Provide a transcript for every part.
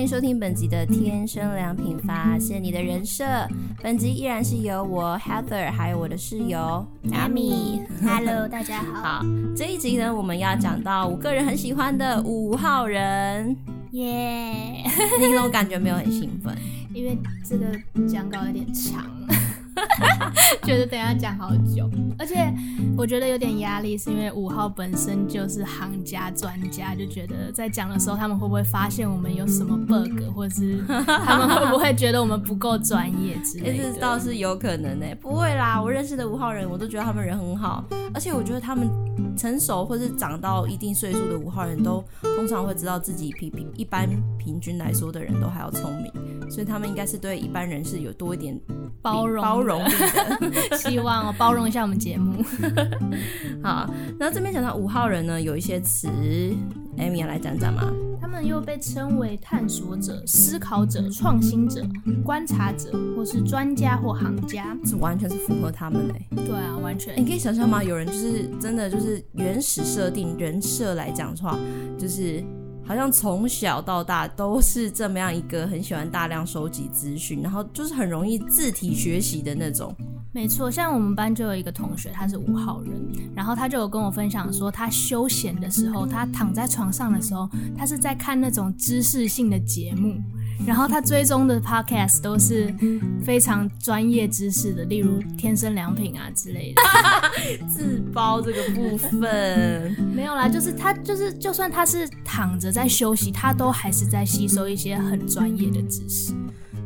歡迎收聽本集的《天生良品》，發現你的人設。本集依然是由我 Heather，還有我的室友 Amy。Hello， 大家好。好，這一集呢，我們要講到我個人很喜歡的五號人。耶、yeah，你有感覺沒有？很興奮？ 因為這個講稿有點長。 覺得等一下講好久，而且我覺得有點壓力，是因為五號本身就是行家專家，就覺得在講的時候，他們會不會發現我們有什麼 bug，或者是他們會不會覺得我們不夠專業之類的？這 倒是有可能誒、欸，不會啦！我認識的五號人，我都覺得他們人很好，而且我覺得他們成熟或是長到一定歲數的五號人都通常會知道自己比比一般平均來說的人都還要聰明。所以他們應該是對一般人是有多一點包容包容的、包容力的 希望我包容一下我們節目。 好，那這邊講到五號人呢，有一些詞，Amy 也來講講嗎？他們又被稱為探索者、思考者、創新者、觀察者，或是專家或行家，這完全是符合他們的、欸。對啊，完全。欸、你可以想象嗎、嗯？有人就是真的就是原始設定人設來講的話，就是。好像從小到大都是這麼樣一個很喜歡大量收集資訊，然後就是很容易自體學習的那種。沒錯，像我們班就有一個同學，他是五號人，然後他就有跟我分享說，他休閒的時候，他躺在床上的時候，他是在看那種知識性的節目。然後他追蹤的 podcast 都是非常專業知識的，例如《天生良品》啊之類的。 自包這個部分 沒有啦，就是他就是，就算他是躺着在休息，他都還是在吸收一些很專業的知識。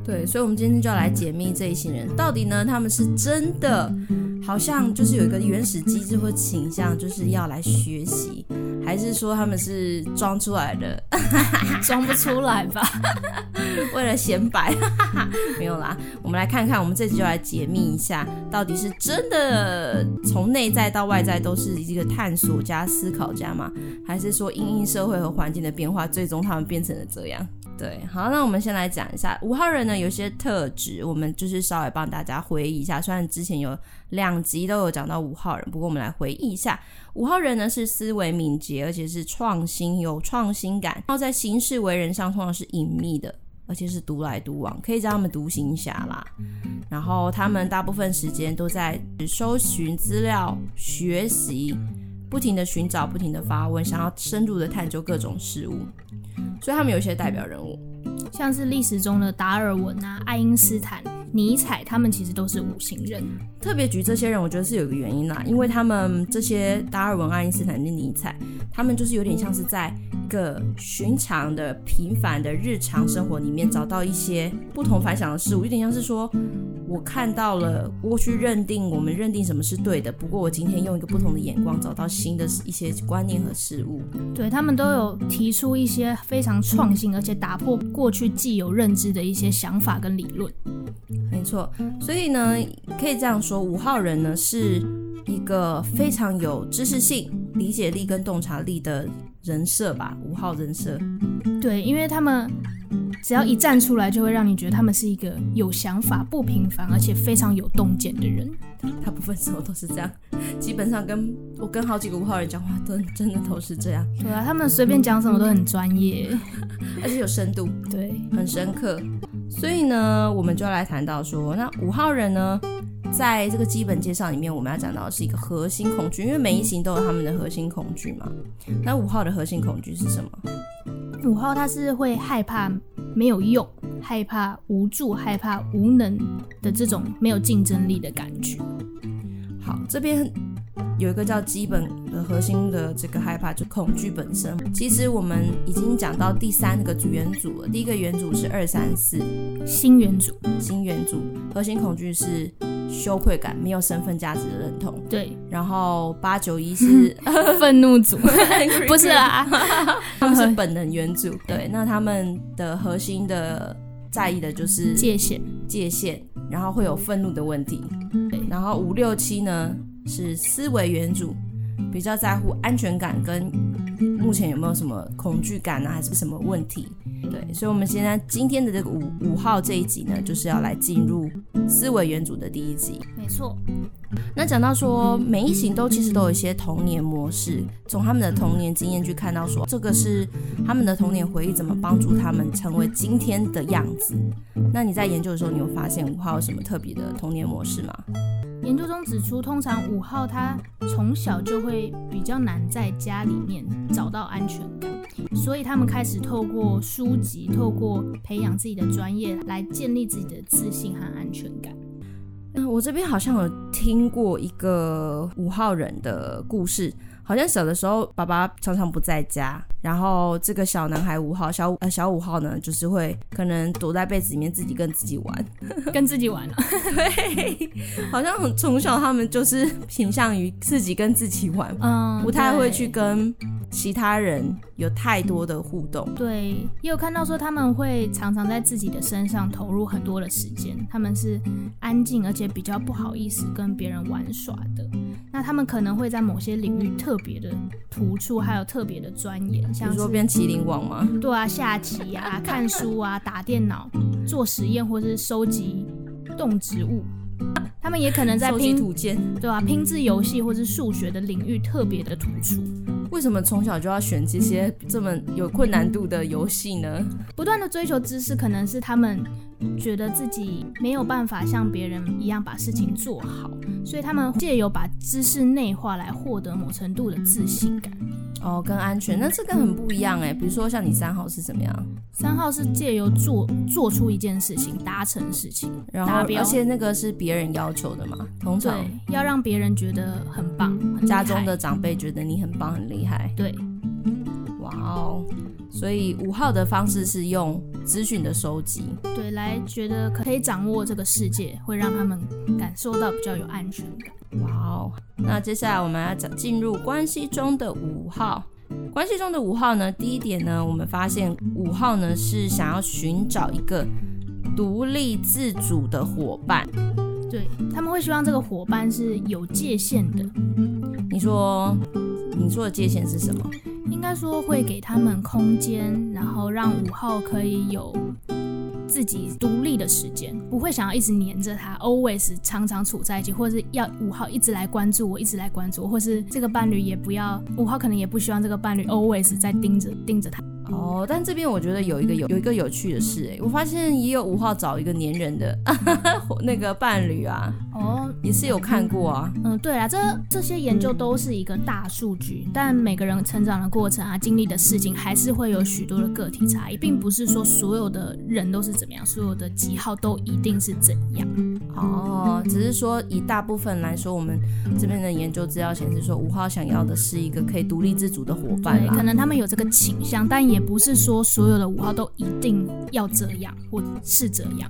對，所以，我們今天就要來解密這一些人，到底呢，他們是真的好像就是有一個原始機制或傾向，就是要來學習。還是說他們是裝出來的，裝 不出來吧？ 為了顯擺， 沒有啦。我們來看看，我們這集就來解密一下，到底是真的從內在到外在都是一個探索家、思考家嗎？還是說因應社會和環境的變化，最終他們變成了這樣？對，好，那我們先來講一下五號人呢，有些特質，我們就是稍微幫大家回憶一下。雖然之前有兩集都有講到五號人，不過我們來回憶一下，五號人呢是思維敏捷，而且是創新，有創新感。然後在行事為人上通常是隱秘的，而且是獨來獨往，可以叫他們獨行俠啦。然後他們大部分時間都在搜尋資料、學習，不停的尋找，不停的發問，想要深入的探究各種事物。所以他們有些代表人物，嗯，像是歷史中的達爾文啊、愛因斯坦。尼采他們其實都是五型人，特別舉這些人，我覺得是有一個原因啦，啊，因為他們這些達爾文、愛因斯坦、尼采，他們就是有點像是在一個尋常的、平凡的日常生活裡面，找到一些不同凡響的事物，有點像是說，我看到了過去認定我們認定什麼是對的，不過我今天用一個不同的眼光，找到新的一些觀念和事物。對，他們都有提出一些非常創新，而且打破過去既有認知的一些想法跟理論。錯，所以呢，可以這樣說，五號人呢是一個非常有知識性、理解力跟洞察力的人設吧，五號人設。對，因為他們。只要一站出來，就會讓你覺得他們是一個有想法、不平凡，而且非常有洞見的人。大部分時候都是這樣，基本上跟我跟好幾個五號人講話都真的都是這樣。對啊，他們隨便講什麼都很專業、欸，而且有深度，對，很深刻。所以呢，我們就要來談到說，那五號人呢？在這個基本介紹裡面，我們要講到的是一個核心恐懼，因為每一型都有他們的核心恐懼嘛。那五號的核心恐懼是什麼？五號他是會害怕沒有用，害怕無助，害怕無能的這種沒有競爭力的感覺。好，這邊。有一個叫基本的核心的這個害怕，就恐懼本身。其實我們已經講到第三個原組了，第一個原組是二三四新元組，新元組核心恐懼是羞愧感，沒有身份價值的認同。對，然後八九一是、嗯、憤怒組， 不是啊， 他們是本能原組、嗯。對，那他們的核心的在意的就是界限，界限，界限然後會有憤怒的問題。對，然後五六七呢？是思維原主，比較在乎安全感跟目前有沒有什麼恐懼感啊，還是什麼問題？對，所以，我們現在今天的這個五五號這一集呢，就是要來進入思維原主的第一集。沒錯。那講到說，每一型都其實都有一些童年模式，從他們的童年經驗去看到說，這個是他們的童年回憶怎麼幫助他們成為今天的樣子。那你在研究的時候，你有發現五號有什麼特別的童年模式嗎？研究中指出，通常五號他從小就會比較難在家裡面找到安全感，所以他們開始透過書籍、透過培養自己的專業來建立自己的自信和安全感。嗯，我這邊好像有聽過一個五號人的故事，好像小的時候爸爸常常不在家。然後這個小男孩五號小五呃小五號呢，就是會可能躲在被子裡面自己跟自己玩， 跟自己玩，啊，了 好像從小他們就是傾向於自己跟自己玩，嗯，不太會去跟其他人有太多的互動，對，對也有看到說他們會常常在自己的身上投入很多的時間，他們是安靜而且比較不好意思跟別人玩耍的，那他們可能會在某些領域特別的突出，還有特別的專業。比如說變麒麟王嗎？對啊，下棋啊，看書啊，打電腦，做實驗，或者是收集動植物，他們也可能在拼圖間，對啊，拼字遊戲或是數學的領域特別的突出。為什麼從小就要選這些這麼有困難度的遊戲呢？不斷的追求知識，可能是他們覺得自己沒有辦法像別人一樣把事情做好，所以他們借由把知識內化來獲得某程度的自信感。哦，跟安全，那這個很不一樣哎、嗯。比如說，像你三號是怎麼樣？三號是借由做做出一件事情，達成事情，然後而且那個是別人要求的嘛，通常對，要讓別人覺得很棒，嗯、很厲害。家中的長輩覺得你很棒很厲害。對，哇、wow、哦。所以五號的方式是用資訊的收集，對，來覺得可以掌握這個世界，會讓他們感受到比較有安全感。哇哦！那接下來我們要講進入關係中的五號，關係中的五號呢，第一點呢，我們發現五號呢是想要尋找一個獨立自主的夥伴，對，他們會希望這個夥伴是有界限的。你說，你說的界限是什麼？應該說會給他們空間，然後讓五號可以有自己獨立的時間，不會想要一直黏着他，always 常常處在一起，或者是要五號一直來關注我，一直來關注我，或是這個伴侶也不要，五號可能也不希望這個伴侶 always 在盯着盯着他。哦，但這邊我覺得有一個有有一個有趣的事。欸，哎，我發現也有五號找一個粘人的 那個伴侶啊。哦，也是有看過啊。嗯，嗯，對啊，這這些研究都是一個大數據，但每個人成長的過程啊，經歷的事情還是會有許多的個體差異，並不是說所有的人都是怎麼樣，所有的幾號都一定是怎樣。哦，只是說以大部分來說，我們這邊的研究資料顯示說，五號想要的是一個可以獨立自主的夥伴，啊，對，可能他們有這個傾向，但也不是說所有的五號都一定要這樣或者是這樣。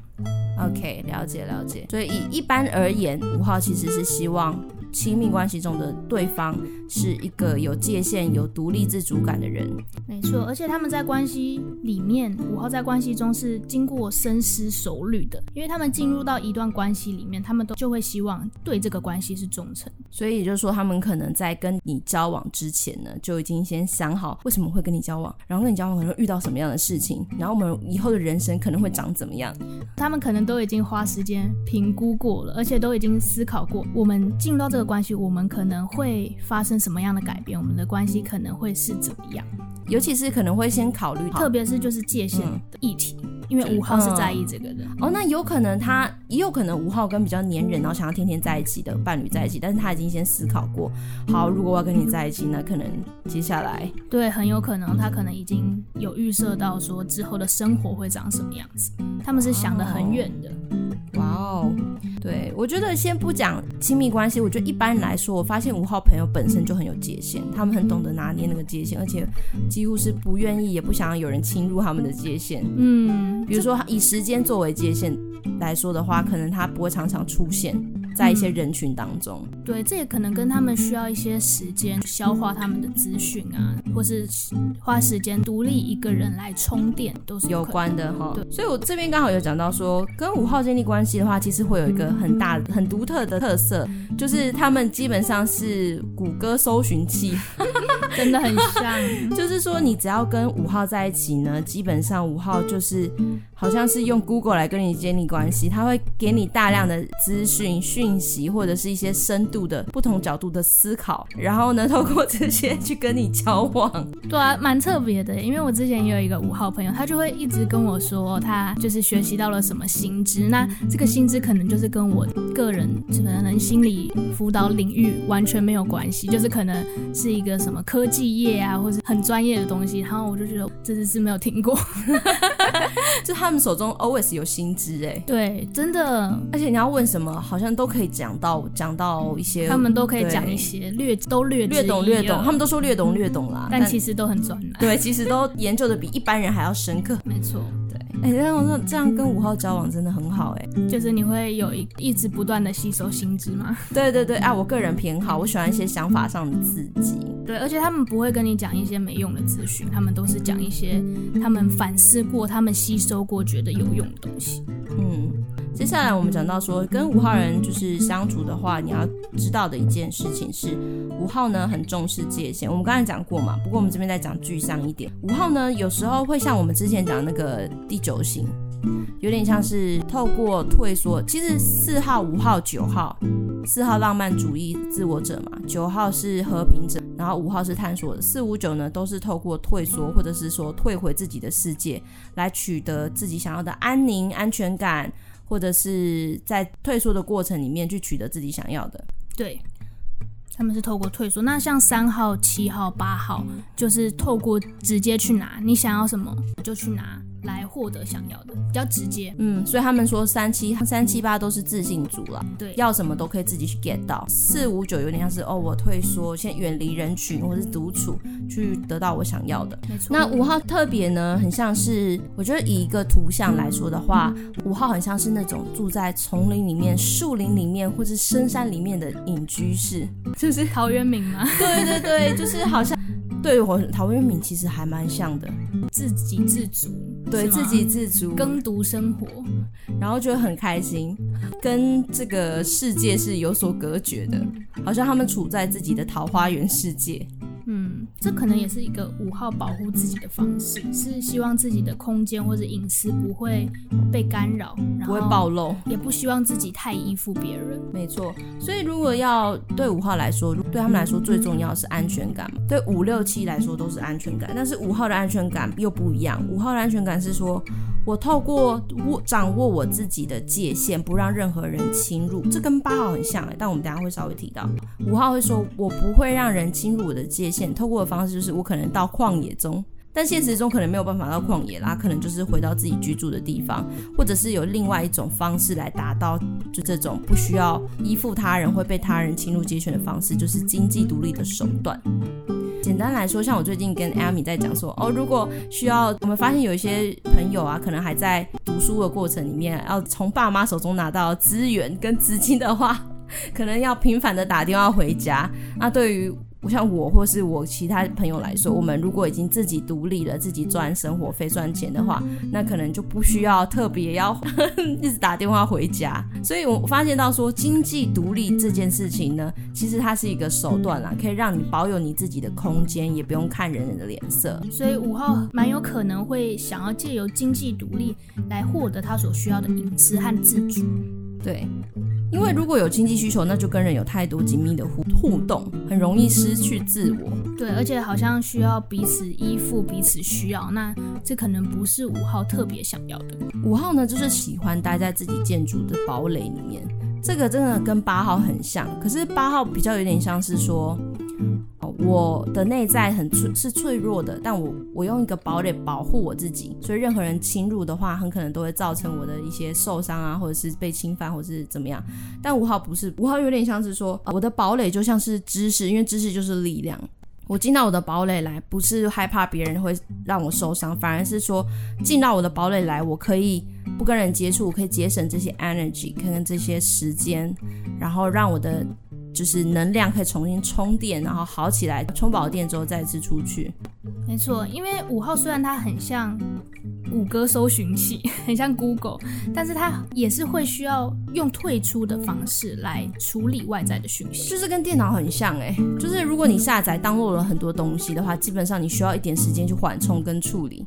OK，了解，了解。所以，以一般而言，五號其實是希望。親密關係中的對方是一個有界限、有獨立自主感的人，沒錯。而且他們在關係裡面，五號在關係中是經過深思熟慮的，因為他們進入到一段關係裡面，他們都就會希望對這個關係是忠誠。所以也就是說，他們可能在跟你交往之前呢，就已經先想好為什麼會跟你交往，然後跟你交往可能遇到什麼樣的事情，然後我們以後的人生可能會長怎麼樣。他們可能都已經花時間評估過了，而且都已經思考過我們進入到這個。關係，我們可能會發生什麼樣的改變？我們的關係可能會是怎麼樣？尤其是可能會先考慮到，特別是就是界限的議題，嗯、因為五號是在意這個的、嗯。哦，那有可能他，也有可能五號跟比較黏人，然後想要天天在一起的伴侶在一起，但是他已經先思考過，好，如果我要跟你在一起，嗯、那可能接下來，對，很有可能他可能已經有預設到說之後的生活會長什麼樣子，他們是想得很遠的、哦。哇哦，對我覺得先不講親密關係，我覺得一般來說，我發現五號朋友本身就很有界限、嗯，他們很懂得拿捏那個界限，而且。幾乎是不願意也不想有人侵入他們的界限。嗯，比如說以時間作為界限來說的話，可能他不會常常出現在一些人群當中。嗯、對，這也可能跟他們需要一些時間消化他們的資訊啊，或是花時間獨立一個人來充電都是有關的哈。對，所以我這邊剛好有講到說，跟五號建立關係的話，其實會有一個很大很獨特的特色，就是他們基本上是谷歌搜尋器。 真的很像， 就是說你只要跟五號在一起呢，基本上五號就是好像是用 Google 來跟你建立關係，他會給你大量的資訊、訊息，或者是一些深度的不同角度的思考，然後呢，透過這些去跟你交往。對啊，蠻特別的，因為我之前也有一個五號朋友，他就會一直跟我說他就是學習到了什麼新知，那這個新知可能就是跟我個人可能心理輔導領域完全沒有關係，就是可能是一個什麼科。科技業啊，或者很專業的東西，然後我就覺得真的是沒有聽過， 就他們手中 always 有新知哎，對，真的，而且你要問什麼，好像都可以講到，講到一些，嗯，他們都可以講一些略，都略略懂略懂，他們都說略懂略懂啦，嗯、但其實都很專對，其實都研究的比一般人還要深刻， 沒錯。哎，但我說這樣跟五號交往，真的很好哎，就是你會有一一直不斷的吸收新知嗎？對對對啊，我個人偏好，我喜歡一些想法上的自己。對，而且他們不會跟你講一些沒用的資訊，他們都是講一些他們反思過、他們吸收過、覺得有用的東西。嗯。接下來我們講到說，跟五號人就是相處的話，你要知道的一件事情是，五號呢很重視界限。我們剛才講過嘛，不過我們這邊再講具象一點，五號呢有時候會像我們之前講那個第九型，有點像是透過退縮。其實四號、五號、九號，四號浪漫主義自我者嘛，九號是和平者，然後五號是探索者，四五九呢都是透過退縮或者是說退回自己的世界，來取得自己想要的安寧、安全感。或者是在退縮的過程裡面去取得自己想要的。對，對，他們是透過退縮。那像三號、七號、八號，就是透過直接去拿，你想要什麼就去拿。獲得想要的比較直接，嗯，所以他們說三七三七八都是自信族啦，對，要什麼都可以自己去 get 到。四五九有點像是哦，我退縮，先遠離人群，或是獨處去得到我想要的。沒錯。那五號特別呢，很像是我覺得以一個圖像來說的話，五、嗯、號很像是那種住在叢林裡面、樹林裡面或是深山裡面的隱居室。就是陶淵明嗎？對對對，就是好像 對我陶淵明其實還蠻像的，自給自足。對，自給自足、耕讀生活，然後就很開心，跟這個世界是有所隔絕的，好像他們處在自己的桃花源世界。這可能也是一個五號保護自己的方式，是希望自己的空間或者隱私不會被干擾，不會暴露，也不希望自己太依附別人。沒錯，所以如果要對五號來說，對他們來說最重要是安全感嘛，對五六七來說都是安全感，但是五號的安全感又不一樣。五號的安全感是說。我透過握掌握我自己的界限，不讓任何人侵入，這跟八號很像誒、欸,但我們等下會稍微提到。五號會說，我不會讓人侵入我的界限，透過的方式就是我可能到曠野中，但現實中可能沒有辦法到曠野啦，可能就是回到自己居住的地方，或者是有另外一種方式來達到就這種不需要依附他人會被他人侵入界限的方式，就是經濟獨立的手段。簡單來說，像我最近跟 Amy 在講說，哦，如果需要，我們發現有一些朋友啊，可能還在讀書的過程裡面，要從爸媽手中拿到資源跟資金的話，可能要頻繁的打電話回家。那、啊、對於像我或是我其他朋友來說，我們如果已經自己獨立了，自己賺生活費賺錢的話，那可能就不需要特別要呵呵一直打電話回家。所以我發現到說，經濟獨立這件事情呢，其實它是一個手段啦，可以讓你保有你自己的空間，也不用看人人的臉色。所以五號蠻有可能會想要借由經濟獨立來獲得他所需要的隱私和自主。對。因為如果有經濟需求，那就跟人有太多緊密的互互動，很容易失去自我。對，而且好像需要彼此依附、彼此需要，那這可能不是五號特別想要的。五號呢，就是喜歡待在自己建築的堡壘裡面，這個真的跟八號很像，可是八號比較有點像是說。我的內在很脆，是脆弱的，但我我用一個堡壘保護我自己，所以任何人侵入的話，很可能都會造成我的一些受傷啊，或者是被侵犯，或者是怎麼樣。但五號不是，五號有點像是說，我的堡壘就像是知識，因為知識就是力量。我進到我的堡壘來，不是害怕別人會讓我受傷，反而是說，進到我的堡壘來，我可以不跟人接觸，我可以節省這些 energy，看看這些時間，然後讓我的。就是能量可以重新充電，然後好起來，充飽電之後再次出去。沒錯，因為五號雖然它很像谷歌搜尋器，很像 Google，但是它也是會需要用退出的方式來處理外在的訊息。就是跟電腦很像哎、欸，就是如果你下載 download 了很多東西的話、嗯，基本上你需要一點時間去緩衝跟處理。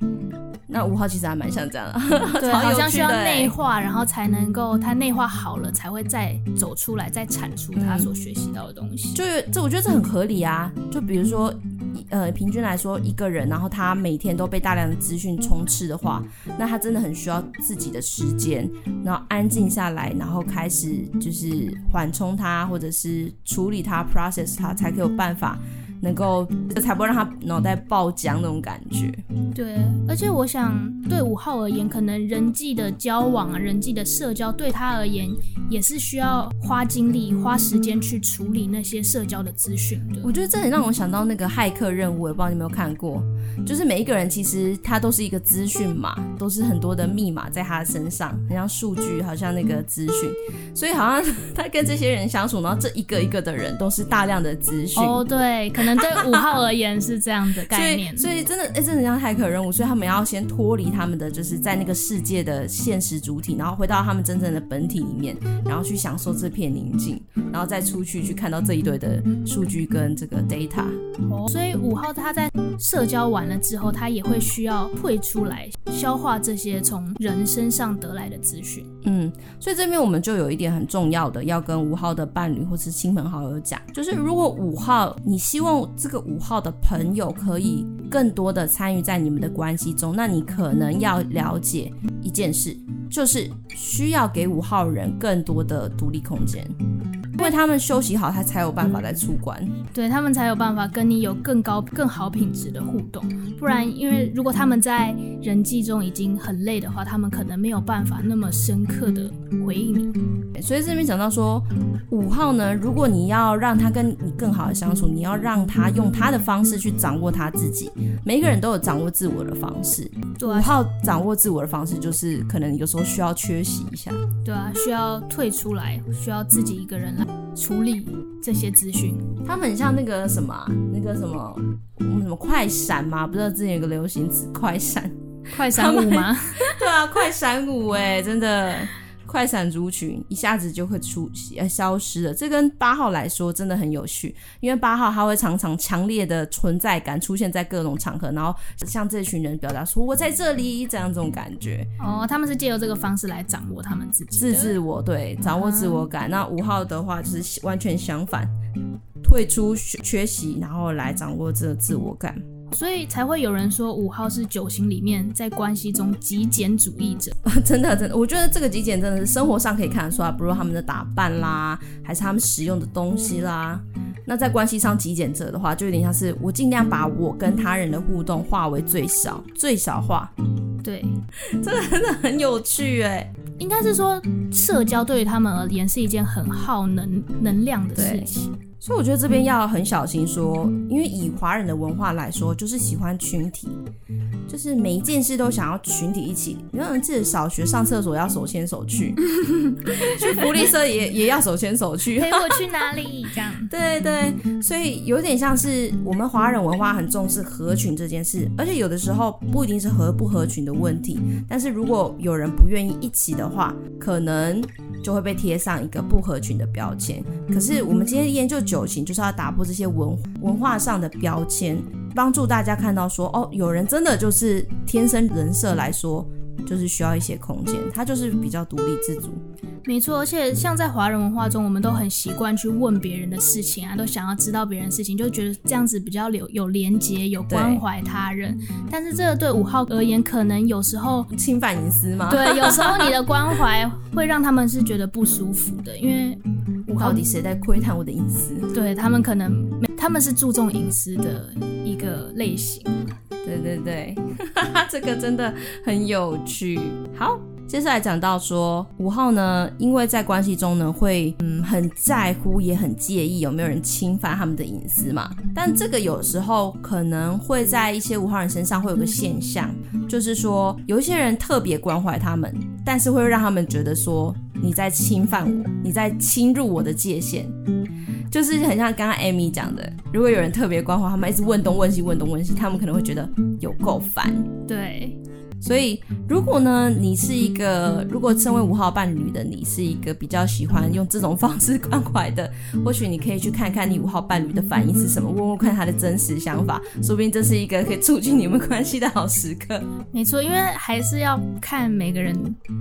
那五號其實還蠻像這樣的、嗯，對，好像需要內化，然後才能夠它內化好了，才會再走出來，再產出它所學。嗯的東西，就這，我覺得這很合理啊。就比如說，呃，平均來說，一個人，然後他每天都被大量的資訊充斥的話，那他真的很需要自己的時間，然後安靜下來，然後開始就是緩衝他，或者是處理他，process 他，才可以有辦法。能夠才不會讓他腦袋爆漿那種感覺。對，而且我想對五號而言，可能人際的交往啊，人際的社交對他而言也是需要花精力、花時間去處理那些社交的資訊的。我覺得這很讓我想到那個駭客任務，我不知道你有沒有看過，就是每一個人其實他都是一個資訊碼，都是很多的密碼在他身上，很像數據，好像那個資訊，所以好像他跟這些人相處，然後這一個一個的人都是大量的資訊。哦，對。可可能對五號而言是這樣的概念 所、所以真的，哎、欸，真的這樣太可人務，所以他們要先脫離他們的，就是在那個世界的現實主體，然後回到他們真正的本體裡面，然後去享受這片寧靜，然後再出去去看到這一堆的數據跟這個 data。哦，所以五號他在社交完了之後，他也會需要退出來消化這些從人身上得來的資訊。嗯，所以這邊我們就有一點很重要的，要跟五號的伴侶或是親朋好友講，就是如果五號你希望這個五號的朋友可以更多的參與在你們的關係中，那你可能要了解一件事，就是需要給五號人更多的獨立空間。因為他們休息好，他才有辦法再出關。對，他們才有辦法跟你有更高、更好品質的互動。不然，因為如果他們在人際中已經很累的話，他們可能沒有辦法那麼深刻的回應你。所以這邊講到說，五號呢，如果你要讓他跟你更好的相處，你要讓他用他的方式去掌握他自己。每一個人都有掌握自我的方式。對，五號掌握自我的方式就是可能有時候需要缺席一下，對啊，需要退出來，需要自己一個人來。處理這些資訊，他們很像那個什麼，那個什麼，我們什麼快閃嗎？不知道之前有個流行詞“快閃”，快閃舞嗎？對啊，快閃舞欸，真的。快閃族群一下子就會出息呃消失了，這跟八號來說真的很有趣，因為八號他會常常強烈的存在感出現在各種場合，然後向這群人表達說我在這裡，這樣這種感覺。哦，他們是借由這個方式來掌握他們自己、自、自我，對，掌握自我感。啊，那五號的話就是完全相反，退出缺席，然後來掌握這個自我感。所以才會有人說五號是九型裡面在關係中極簡主義者，啊、真的真的，我覺得這個極簡真的是生活上可以看得出來，不如他們的打扮啦，還是他們使用的東西啦。嗯、那在關係上極簡者的話，就有點像是我盡量把我跟他人的互動化為最小、最小化。對，真的真的很有趣哎、欸，應該是說社交對於他們而言是一件很耗能能量的事情。所以我覺得這邊要很小心，說，因為以華人的文化來說，就是喜歡群體，就是每一件事都想要群體一起。你看，記得小學上廁所要手牽手去， 去福利社也 也要手牽手去，陪 我去哪裡？這樣。對，對對。所以有點像是我們華人文化很重視合群這件事，而且有的時候不一定是合不合群的問題，但是如果有人不願意一起的話，可能。就會被貼上一個不合群的標籤。可是我們今天研究九型，就是要打破這些文文化上的標籤，幫助大家看到說，哦，有人真的就是天生人設來說。就是需要一些空間，他就是比較獨立自主。沒錯，而且像在華人文化中，我們都很習慣去問別人的事情啊，都想要知道別人的事情，就覺得這樣子比較有有連接，有關懷他人。但是這對五號而言，可能有時候侵犯隱私嘛？對，有時候你的關懷會讓他們是覺得不舒服的，因為五號到底誰在窺探我的隱私？對他們可能他們是注重隱私的一個類型。對對對，哈哈哈，這個真的很有趣。好。接下來講到說五號呢，因為在關係中呢會嗯很在乎，也很介意有沒有人侵犯他們的隱私嘛。但這個有時候可能會在一些五號人身上會有個現象，就是說有一些人特別關懷他們，但是會讓他們覺得說你在侵犯我，你在侵入我的界限。就是很像剛剛 Amy 講的，如果有人特別關懷他們，一直問東問西，問東問西，他們可能會覺得有夠煩。對。所以，如果呢，你是一個，如果身為五號伴侶的你是一個比較喜歡用這種方式關懷的，或許你可以去看看你五號伴侶的反應是什麼，問問看他的真實想法，說不定這是一個可以促進你們關係的好時刻。沒錯，因為還是要看每個人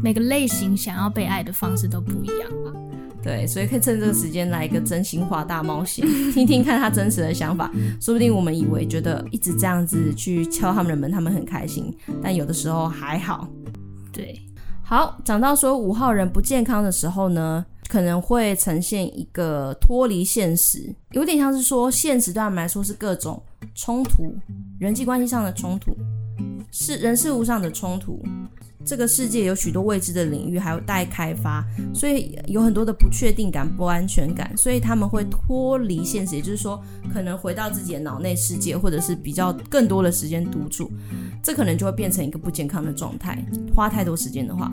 每個類型想要被愛的方式都不一樣啊。對，所以可以趁這個時間來一個真心話大冒險，聽聽看他真實的想法，說不定我們以為覺得一直這樣子去敲他們的門，他們很開心，但有的時候還好。對，好，講到說五號人不健康的時候呢，可能會呈現一個脫離現實，有點像是說現實對他們來說是各種衝突，人際關係上的衝突，是人事物上的衝突。這個世界有許多未知的領域還有待開發，所以有很多的不確定感、不安全感，所以他們會脫離現實，也就是說，可能回到自己的腦內世界，或者是比較更多的時間獨處，這可能就會變成一個不健康的狀態。花太多時間的話。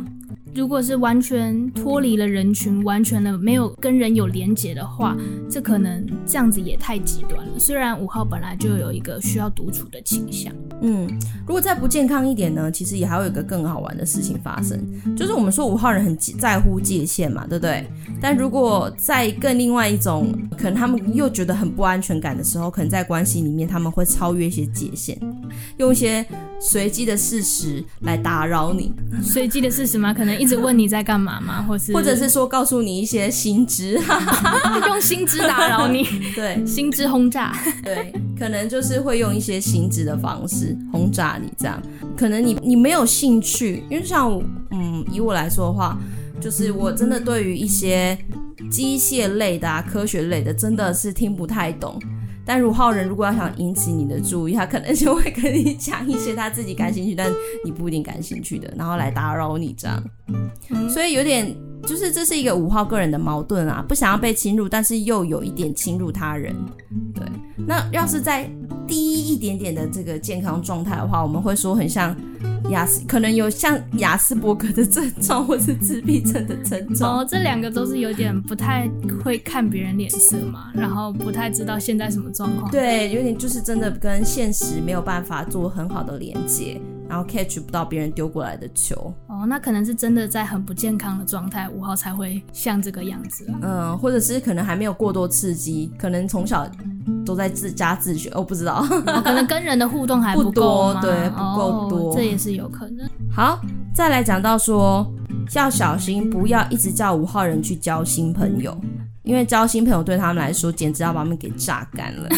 如果是完全脫離了人群，完全的沒有跟人有連接的話，這可能這樣子也太極端了。雖然五號本來就有一個需要獨處的傾向，嗯，如果再不健康一點呢？其實也還有一個更好玩的事情發生，就是我們說五號人很在乎界限嘛，對不對？但如果在更另外一種，可能他們又覺得很不安全感的時候，可能在關係裡面他們會超越一些界限，用一些隨機的事實來打擾你。隨機的事實嗎？可能。 一直問你在幹嘛嗎？或是或者是說告訴你一些新知，用新知打擾你 對，新知轟炸。 對，可能就是會用一些新知的方式轟炸你。這樣，可能你你沒有興趣，因為像嗯，以我來說的話，就是我真的對於一些機械類的、啊、科學類的，真的是聽不太懂。但五號人如果要想引起你的注意，他可能就會跟你講一些他自己感興趣，但你不一定感興趣的，然後來打擾你這樣，嗯，所以有點。就是這是一個五號個人的矛盾啊，不想要被侵入，但是又有一點侵入他人。對，那要是再低一點點的這個健康狀態的話，我們會說很像亞斯，可能有像亞斯伯格的症狀，或是自閉症的症狀。哦，這兩個都是有點不太會看別人臉色嘛，然後不太知道現在什麼狀況。對，有點就是真的跟現實沒有辦法做很好的連接。然後 catch 不到別人丟過來的球哦，那可能是真的在很不健康的狀態，五號才會像這個樣子。嗯，或者是可能還沒有過多刺激，可能從小都在自家自學，哦，不知道、哦，可能跟人的互動還不夠不多，對，不夠多、哦，這也是有可能。好，再來講到說要小心，不要一直叫五號人去交新朋友，嗯、因為交新朋友對他們來說簡直要把命給榨乾了，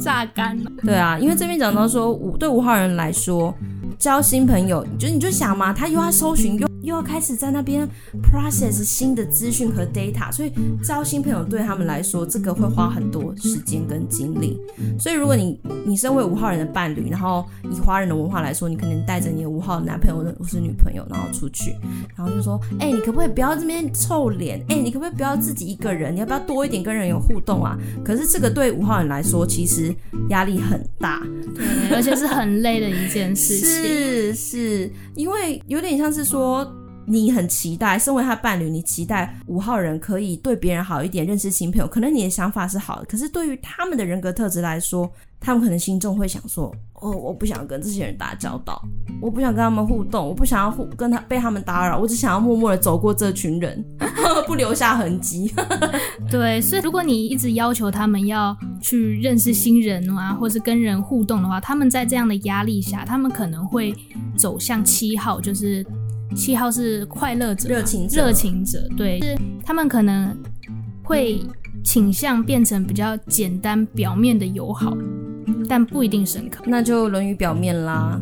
榨 乾了。對啊，因為這邊講到說五、嗯、對五號人來說。交新朋友，你就你就想嘛，他又要搜尋，又又要開始在那邊 process 新的資訊和 data，所以交新朋友對他們來說，這個會花很多時間跟精力。所以如果你你身為五號人的伴侶，然後以華人的文化來說，你可能帶着你的五號男朋友或是女朋友，然後出去，然後就說：“欸，你可不可以不要在這邊臭臉？欸，你可不可以不要自己一個人？你要不要多一點跟人有互動啊？”可是這個對五號人來說，其實壓力很大，對，而且是很累的一件事情。 是是是，因為有點像是說，你很期待，身為他伴侶，你期待五號人可以對別人好一點，認識新朋友。可能你的想法是好的，可是對於他們的人格特質來說。他們可能心中會想說：“哦，我不想跟這些人打交道，我不想跟他們互動，我不想要互跟他被他們打擾，我只想要默默地走過這群人呵呵，不留下痕跡。呵呵”，對，所以如果你一直要求他們要去認識新人啊，或是跟人互動的話，他們在這樣的壓力下，他們可能會走向七號，就是七號是快樂者、熱情熱情者，對，就是他們可能會傾向變成比較簡單、表面的友好。嗯但不一定深刻，那就淪於表面啦。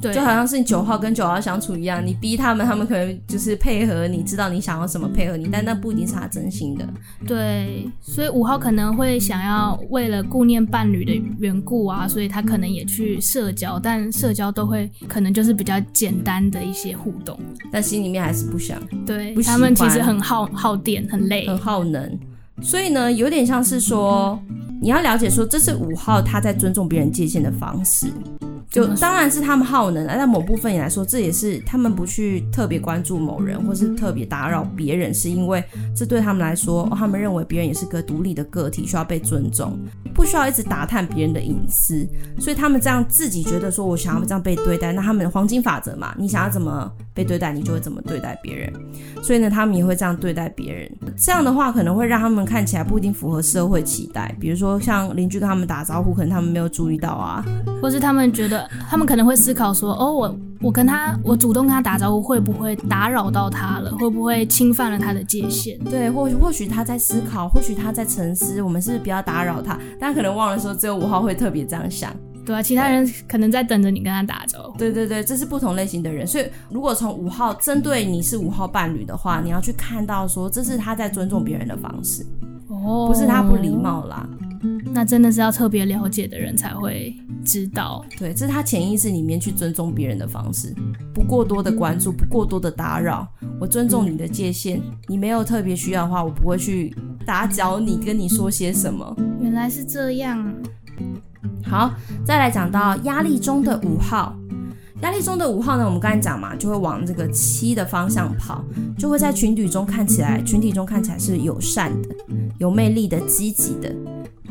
對啊，就好像是你九號跟九號相處一樣，你逼他們，他們可能就是配合你，你知道你想要什麼配合你，但那不一定是他真心的。對，所以五號可能會想要為了顧念伴侶的緣故啊，所以他可能也去社交，但社交都會可能就是比較簡單的一些互動，但心裡面還是不想。對，他們其實很耗耗電，很累，很耗能。所以呢，有點像是說，你要了解說，這是五號他在尊重別人界限的方式。就當然是他們耗能啊，在某部分也來說，這也是他們不去特別關注某人，或是特別打擾別人，是因為這對他們來說，哦、他們認為別人也是個獨立的個體，需要被尊重，不需要一直打探別人的隱私。所以他們這樣自己覺得說，我想要這樣被對待，那他們的黃金法則嘛，你想要怎麼？被對待，你就會怎麼對待別人，所以呢，他們也會這樣對待別人。這樣的話，可能會讓他們看起來不一定符合社會期待。比如說，像鄰居跟他們打招呼，可能他們沒有注意到啊，或是他們覺得，他們可能會思考說，哦，我我跟他，我主動跟他打招呼，會不會打擾到他了？會不會侵犯了他的界限？對，或或許他在思考，或許他在沉思，我們是不是不要打擾他？但可能忘了說，只有五號會特別這樣想。對啊，其他人可能在等着你跟他打招呼。對對，對對，這是不同類型的人，所以如果從五號針對你是五號伴侶的話，你要去看到說這是他在尊重別人的方式，哦，不是他不禮貌啦，那真的是要特別了解的人才會知道，對，這是他潛意識裡面去尊重別人的方式，不過多的關注，不過多的打擾，嗯，我尊重你的界限，你沒有特別需要的話，我不會去打攪你，跟你說些什麼。原來是這樣。好，再來講到壓力中的五號。壓力中的五號呢？我們剛才講嘛，就會往這個七的方向跑，就會在群體中看起來，群體中看起來是友善的、有魅力的、積極的，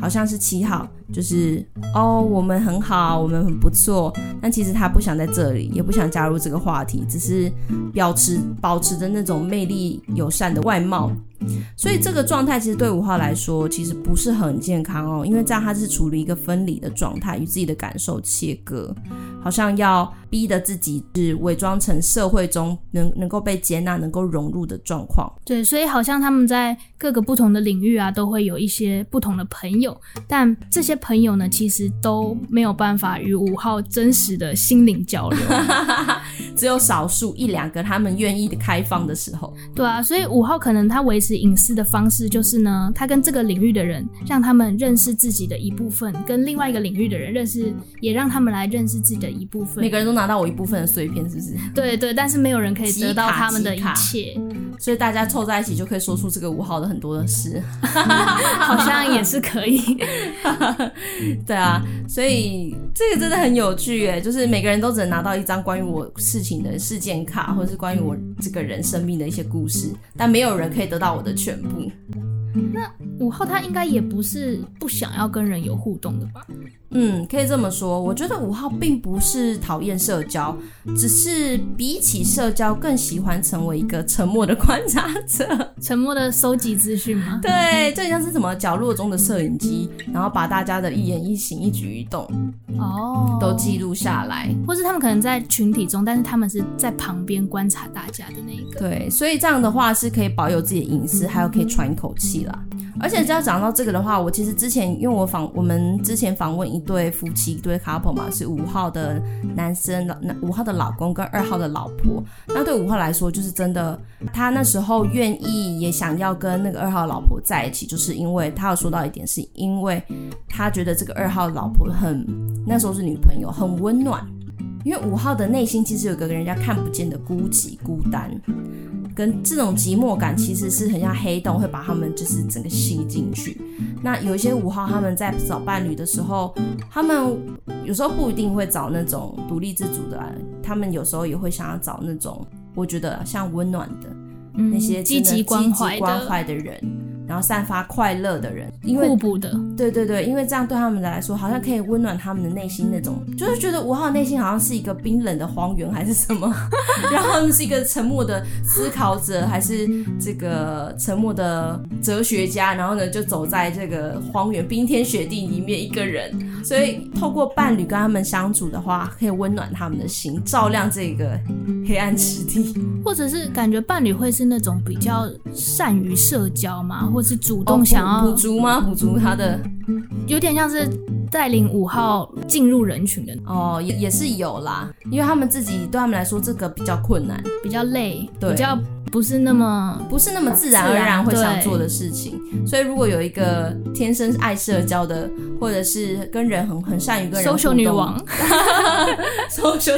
好像是七號，就是哦，我們很好，我們很不錯。但其實他不想在這裡，也不想加入這個話題，只是保持保持着那種魅力、友善的外貌。所以這個狀態其實對五號來說，其實不是很健康哦，因為這樣他是處於一個分離的狀態，與自己的感受切割，好像要逼得自己是偽裝成社會中能能夠被接納、能夠融入的狀況。對，所以好像他們在各個不同的領域啊，都會有一些不同的朋友，但這些朋友呢，其實都沒有辦法與五號真實的心靈交流。 只有少數一兩個他們願意的開放的時候，對啊，所以五號可能他維持隱私的方式就是呢，他跟這個領域的人讓他們認識自己的一部分，跟另外一個領域的人認識，也讓他們來認識自己的一部分。每個人都拿到我一部分的碎片，是不是？對對，但是沒有人可以得到他們的一切，基卡基卡，所以大家湊在一起就可以說出這個五號的很多的事，好像也是可以。對啊，所以這個真的很有趣哎，就是每個人都只能拿到一張關於我是。事情的事件卡，或者是關於我這個人生命的一些故事，但沒有人可以得到我的全部。那五號他應該也不是不想要跟人有互動的吧？嗯，可以這麼說。我覺得五號並不是討厭社交，只是比起社交更喜歡成為一個沉默的觀察者。沉默的收集資訊嗎？對，這像是什麼角落中的攝影機，然後把大家的一言一行、一舉一動哦都記錄下來，或是他們可能在群體中，但是他們是在旁邊觀察大家的那一個。對，所以這樣的話是可以保有自己的隱私、嗯，還有可以喘一口氣啦。而且只要講到這個的話，我其實之前因為我訪我們之前訪問一對夫妻，一對 couple 嘛，是五號的男生，五號的老公跟二號的老婆。那對五號來說，就是真的，他那時候願意也想要跟那個二號老婆在一起，就是因為他有說到一點，是因為他覺得這個二號老婆很，那時候是女朋友，很溫暖。因為五號的內心其實有一個人家看不見的孤寂、孤單，跟這種寂寞感其實是很像黑洞，會把他們就是整個吸進去。那有一些五號他們在找伴侶的時候，他們有時候不一定會找那種獨立自主的，他們有時候也會想要找那種我覺得像溫暖的、嗯、那些積極關懷的人。然後散發快樂的人，因為互補的，對對對，因為這樣對他們來說，好像可以溫暖他們的內心那種，就是覺得5號內心好像是一個冰冷的荒原還是什麼，然後他們是一個沉默的思考者，還是這個沉默的哲學家，然後呢就走在這個荒原冰天雪地裡面一個人，所以透過伴侶跟他們相處的話，可以溫暖他們的心，照亮這個黑暗之地，或者是感覺伴侶會是那種比較善於社交嘛？不是主動想要補、哦、足嗎？補足他的，有點像是帶領五號進入人群的哦，也也是有啦，因為他們自己對他們來說這個比較困難，比較累，對，比較。不是那麼不是那麼自然而然會想做的事情，所以如果有一個天生愛社交的，或者是跟人很很善於跟人互動，社交女王，社交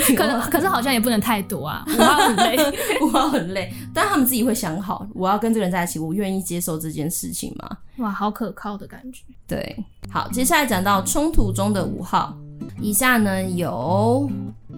女王 可，可是好像也不能太多啊，五號很累，五 號很累，但他們自己會想好，我要跟這個人在一起，我願意接受這件事情嗎？哇，好可靠的感覺。對，好，接下來講到衝突中的五號。以下呢，有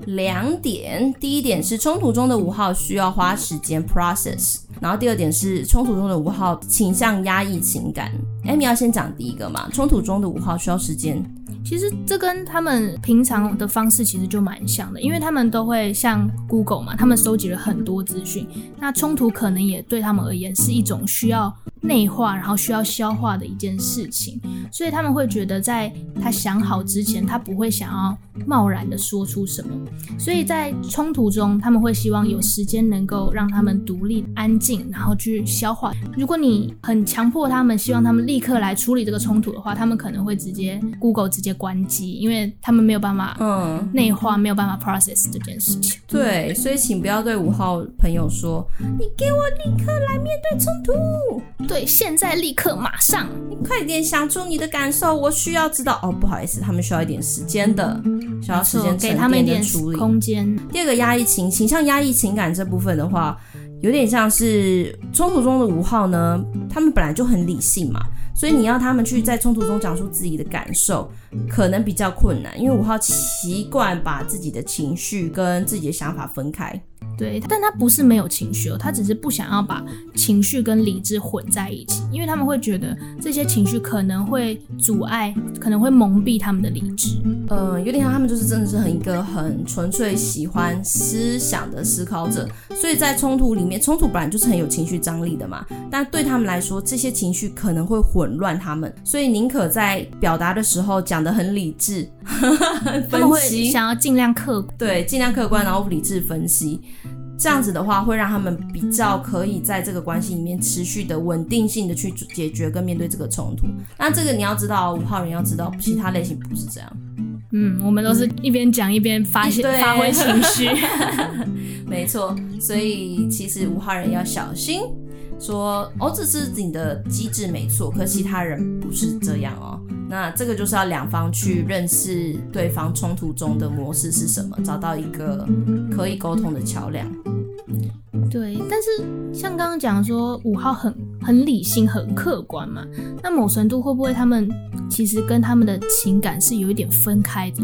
兩點，第一點是衝突中的五號需要花時間 process，然後第二點是衝突中的五號傾向壓抑情感。欸，你要先講第一個嘛？衝突中的五號需要時間。其實這跟他們平常的方式其實就蠻像的，因為他們都會像 Google 嘛，他們收集了很多資訊，那衝突可能也對他們而言是一種需要。內化，然後需要消化的一件事情，所以他們會覺得在他想好之前，他不會想要貿然地說出什麼。所以在衝突中，他們會希望有時間能夠讓他們獨立、安靜，然後去消化。如果你很強迫他們，希望他們立刻來處理這個衝突的話，他們可能會直接 Google 直接關機，因為他們沒有辦法嗯內化嗯，沒有辦法 process 這件事情。對，所以請不要對五號朋友說：“你給我立刻來面對衝突。”所以現在立刻馬上，你快點想出你的感受，我需要知道。哦，不好意思，他們需要一點時間的，嗯、需要時間給他們一點處理空間。第二個壓抑情，傾向壓抑，抑情感這部分的話，有點像是衝突中的五號呢，他們本來就很理性嘛，所以你要他們去在衝突中講述自己的感受。可能比較困難，因為五號習慣把自己的情緒跟自己的想法分開。對，但他不是沒有情緒哦、喔，他只是不想要把情緒跟理智混在一起，因為他們會覺得這些情緒可能會阻礙，可能會蒙蔽他們的理智。嗯、呃，有點像他們就是真的是很一個很純粹喜歡思想的思考者，所以在衝突裡面，衝突本來就是很有情緒張力的嘛，但對他們來說，這些情緒可能會混亂他們，所以寧可在表達的時候講。很理智， 分析，想要盡量客觀，對，盡量客觀，然後理智分析，這樣子的話會讓他們比較可以在這個關係裡面持續的穩定性的去解決跟面對這個衝突。那這個你要知道，五號人要知道，其他類型不是這樣。嗯，我們都是一邊講一邊發洩、嗯，發揮情緒， 沒錯。所以其實五號人要小心。說哦，這是你的機制沒錯，可其他人不是這樣哦。那這個就是要兩方去認識對方衝突中的模式是什麼，找到一個可以溝通的橋梁。對，但是像剛剛講說五號很很理性、很客觀嘛，那某程度會不會他們其實跟他們的情感是有一點分開的？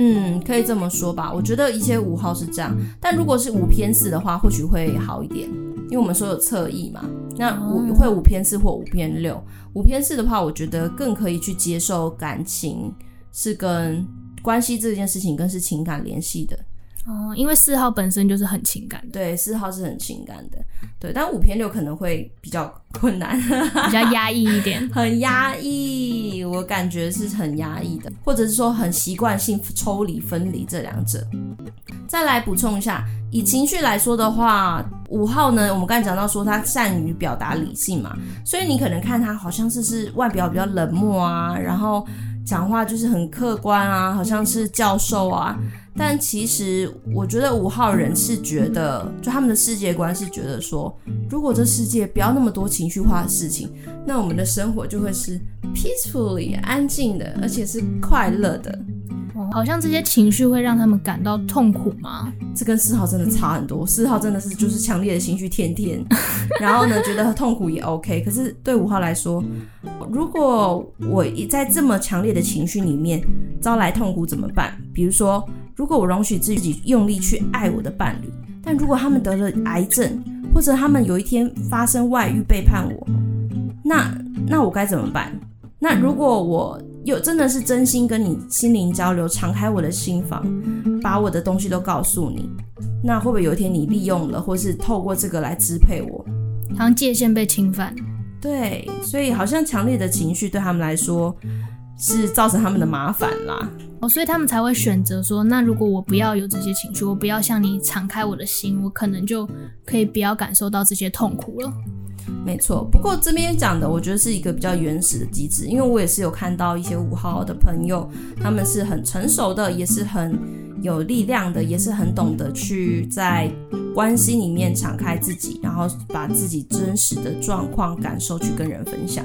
嗯，可以這麼說吧。我覺得一些五號是這樣，但如果是五偏四的話，或許會好一點。因為我們說有側翼嘛，那五、哦、會五偏四或五偏六，五偏四的話，我覺得更可以去接受感情是跟關係這件事情，更是情感聯繫的。哦、嗯，因為四號本身就是很情感的，對，四號是很情感的，對，但五偏六可能會比較困難，比較壓抑一點， 很壓抑，我感覺是很壓抑的，或者是說很習慣性抽離、分離這兩者。再來補充一下，以情緒來說的話，五號呢，我們剛才講到說他善於表達理性嘛，所以你可能看他好像是是外表比較冷漠啊，然後講話就是很客觀啊，好像是教授啊。但其實，我覺得五號人是覺得，就他們的世界觀是覺得說，如果這世界不要那麼多情緒化的事情，那我們的生活就會是 peacefully 安靜的，而且是快樂的。哦，好像這些情緒會讓他們感到痛苦嗎？這跟四號真的差很多。四號真的是就是強烈的情緒，天天，然後呢，覺得痛苦也 OK。可是對五號來說，如果我在這麼強烈的情緒裡面招來痛苦怎麼辦？比如說。如果我容許自己用力去愛我的伴侶，但如果他們得了癌症，或者他們有一天發生外遇背叛我，那那我該怎麼辦？那如果我又真的是真心跟你心靈交流，敞開我的心房，把我的東西都告訴你，那會不會有一天你利用了，或是透過這個來支配我，好像界限被侵犯。對，所以好像強烈的情緒對他們來說。是造成他們的麻煩啦，哦，所以他們才會選擇說，那如果我不要有這些情緒，我不要向你敞開我的心，我可能就可以不要感受到這些痛苦了。沒錯，不過這邊講的，我覺得是一個比較原始的機制，因為我也是有看到一些五號的朋友，他們是很成熟的，也是很有力量的，也是很懂得去在關係裡面敞開自己，然後把自己真實的狀況感受去跟人分享。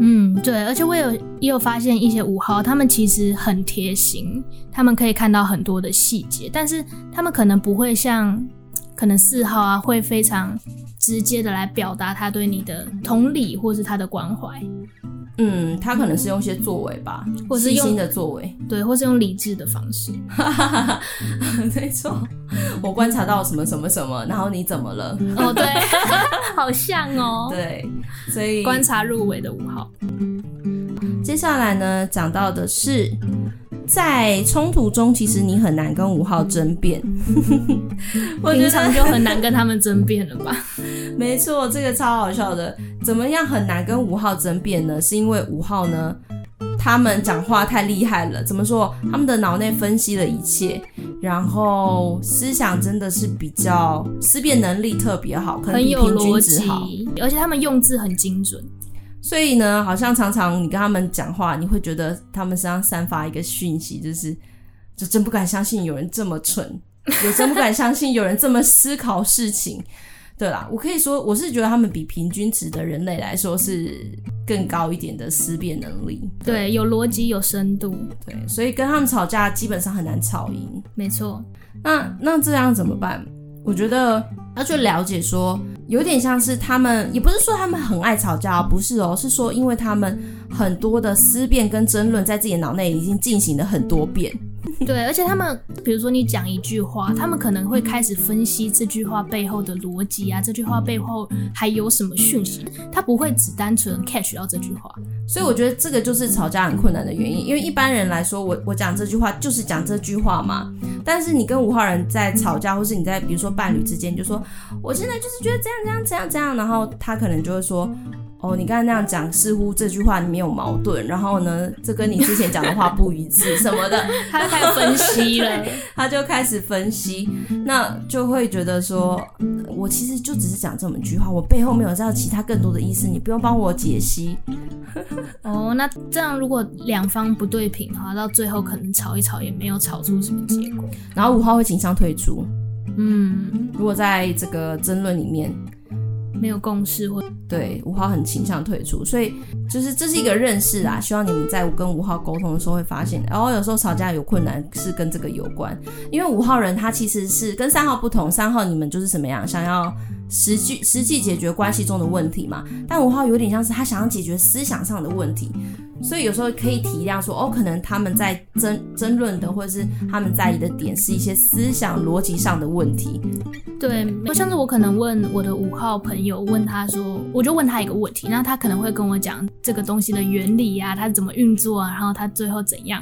嗯，對，而且我也有，也有發現一些五號，他們其實很貼心，他們可以看到很多的細節，但是他們可能不會像。可能四號啊，會非常直接的來表達他對你的同理，或是他的關懷。嗯，他可能是用一些作為吧，或是用細心的作為，對，或是用理智的方式。 沒錯，我觀察到什麼什麼什麼，然後你怎麼了？哦，對，好像哦，對，所以觀察入微的五號。接下來呢，講到的是，在衝突中，其實你很難跟五號爭辯。我覺得就很難跟他們爭辯了吧？ 沒錯，這個超好笑的。怎麼樣很難跟五號爭辯呢？是因為五號呢，他們講話太厲害了。怎麼說？他們的腦內分析了一切，然後思想真的是比較思辨能力特別好，好，很有邏輯，而且他們用字很精準。所以呢，好像常常你跟他們講話，你會覺得他們身上散發一個訊息，就是，就真不敢相信有人這麼蠢， 有，真不敢相信有人這麼思考事情。對啦，我可以說，我是覺得他們比平均值的人類來說是更高一點的思辨能力，對，對，有邏輯，有深度，對，所以跟他們吵架基本上很難吵贏。沒錯，那那這樣怎麼辦？嗯我覺得，要去了解說，有點像是他們，也不是說他們很愛吵架，不是哦，是說因為他們很多的思辨跟爭論，在自己腦內已經進行了很多遍。 對，而且他們，比如說你講一句話，他們可能會開始分析這句話背後的邏輯啊，這句話背後還有什麼訊息，他不會只單純 catch 到這句話。嗯。所以我覺得這個就是吵架很困難的原因，因為一般人來說，我我講這句話就是講這句話嘛。但是你跟五號人在吵架，或是你在比如說伴侶之間，你就說我現在就是覺得這樣這樣這樣這樣，然後他可能就會說。哦，你剛才那樣講，似乎這句話裡面有矛盾，然後呢，這跟你之前講的話不一致什麼的， 他就開始分析了， 他就開始分析，那就會覺得說，我其實就只是講這麼一句話，我背後沒有知道其他更多的意思，你不用幫我解析。 哦，那這樣如果兩方不對頻的話，到最後可能吵一吵也沒有吵出什麼結果，嗯、然後五號會情商退出。嗯，如果在這個爭論裡面。沒有共識或對，五號很傾向退出，所以。就是這是一個認識啦，希望你們在跟五號溝通的時候會發現，哦，有時候吵架有困難是跟這個有關，因為五號人他其實是跟三號不同，三號你們就是什麼樣，想要實際實際解決關係中的問題嘛，但五號有點像是他想要解決思想上的問題，所以有時候可以體諒說，哦，可能他們在爭爭論的或者是他們在意的點是一些思想邏輯上的問題，對，我像是我可能問我的五號朋友，問他說，我就問他一個問題，那他可能會跟我講。這個東西的原理呀，它怎麼運作啊？然後它最後怎樣？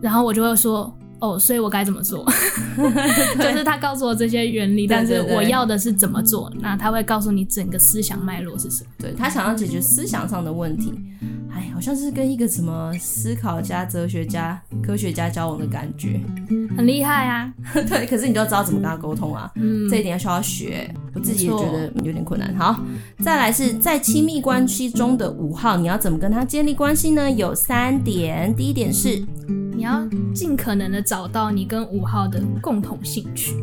然後我就會說，哦，所以我該怎麼做？ 就是他告訴我這些原理， 但是我要的是怎麼做，對對對。那他會告訴你整個思想脈絡是什麼？對，他想要解決思想上的問題。哎，好像是跟一個什麼思考家、哲學家、科學家交往的感覺，很厲害啊！ 對，可是你就要知道怎麼跟他溝通啊，嗯，這一點要需要學。我自己也覺得有點困難。好，再來是在親密關係中的五號，你要怎麼跟他建立關係呢？有三點，第一點是你要盡可能的找到你跟五號的共同興趣。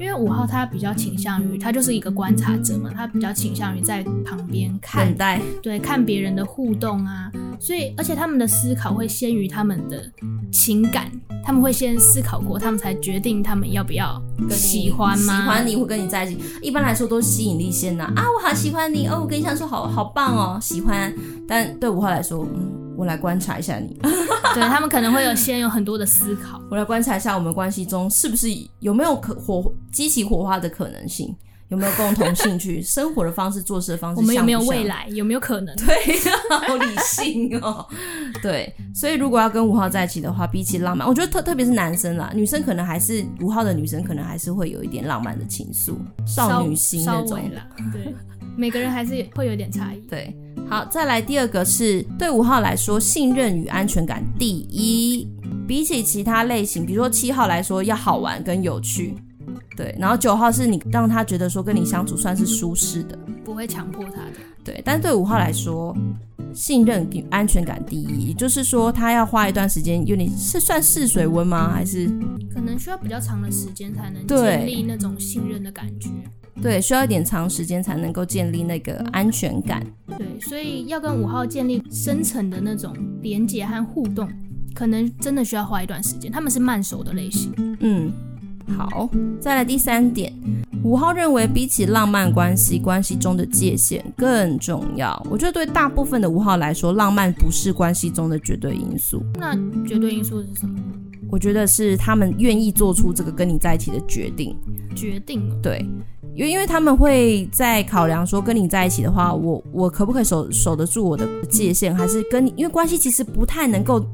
因為五號他比較傾向於，他就是一個觀察者嘛，他比較傾向於在旁邊看待，對，看別人的互動啊，所以而且他們的思考會先於他們的情感，他們會先思考過，他們才決定他們要不要喜歡嗎？喜歡你會跟你在一起，一般來說都是吸引力先吶啊，啊，我好喜歡你哦，我跟你相處好好棒哦，喜歡。但對五號來說，嗯。我來觀察一下你， 對，他們可能會有先有很多的思考。 我來觀察一下我們關係中是不是有沒有可火激起火花的可能性，有沒有共同興趣、 生活的方式、做事的方式。我們有沒有像像未來？有沒有可能？對，好理性哦，喔。 對，所以如果要跟五號在一起的話，比起浪漫，我覺得特特別是男生啦，女生可能還是五號的女生可能還是會有一點浪漫的情愫，少女心那種對。每個人還是會有點差異。對，好，再來第二個是對五號來說，信任與安全感第一，比起其他類型，比如說七號來說要好玩跟有趣。對，然後九號是你讓他覺得說跟你相處算是舒適的，不會強迫他的。對，但對五號來說，信任與安全感第一，也就是說他要花一段時間，因為你是算試水溫嗎？還是可能需要比較長的時間才能建立那種信任的感覺。對，需要一點長時間才能夠建立那個安全感。對，所以要跟五號建立深層的那種連接和互動，可能真的需要花一段時間。他們是慢熟的類型。嗯，好，再來第三點，五號認為比起浪漫關係，關係中的界限更重要。我覺得對大部分的五號來說，浪漫不是關係中的絕對因素。那絕對因素是什麼？我覺得是他們願意做出這個跟你在一起的決定。決定。對。因因為他們會在考量說跟你在一起的話，我我可不可以守守得住我的界限？還是跟你，因為關係其實不太能夠，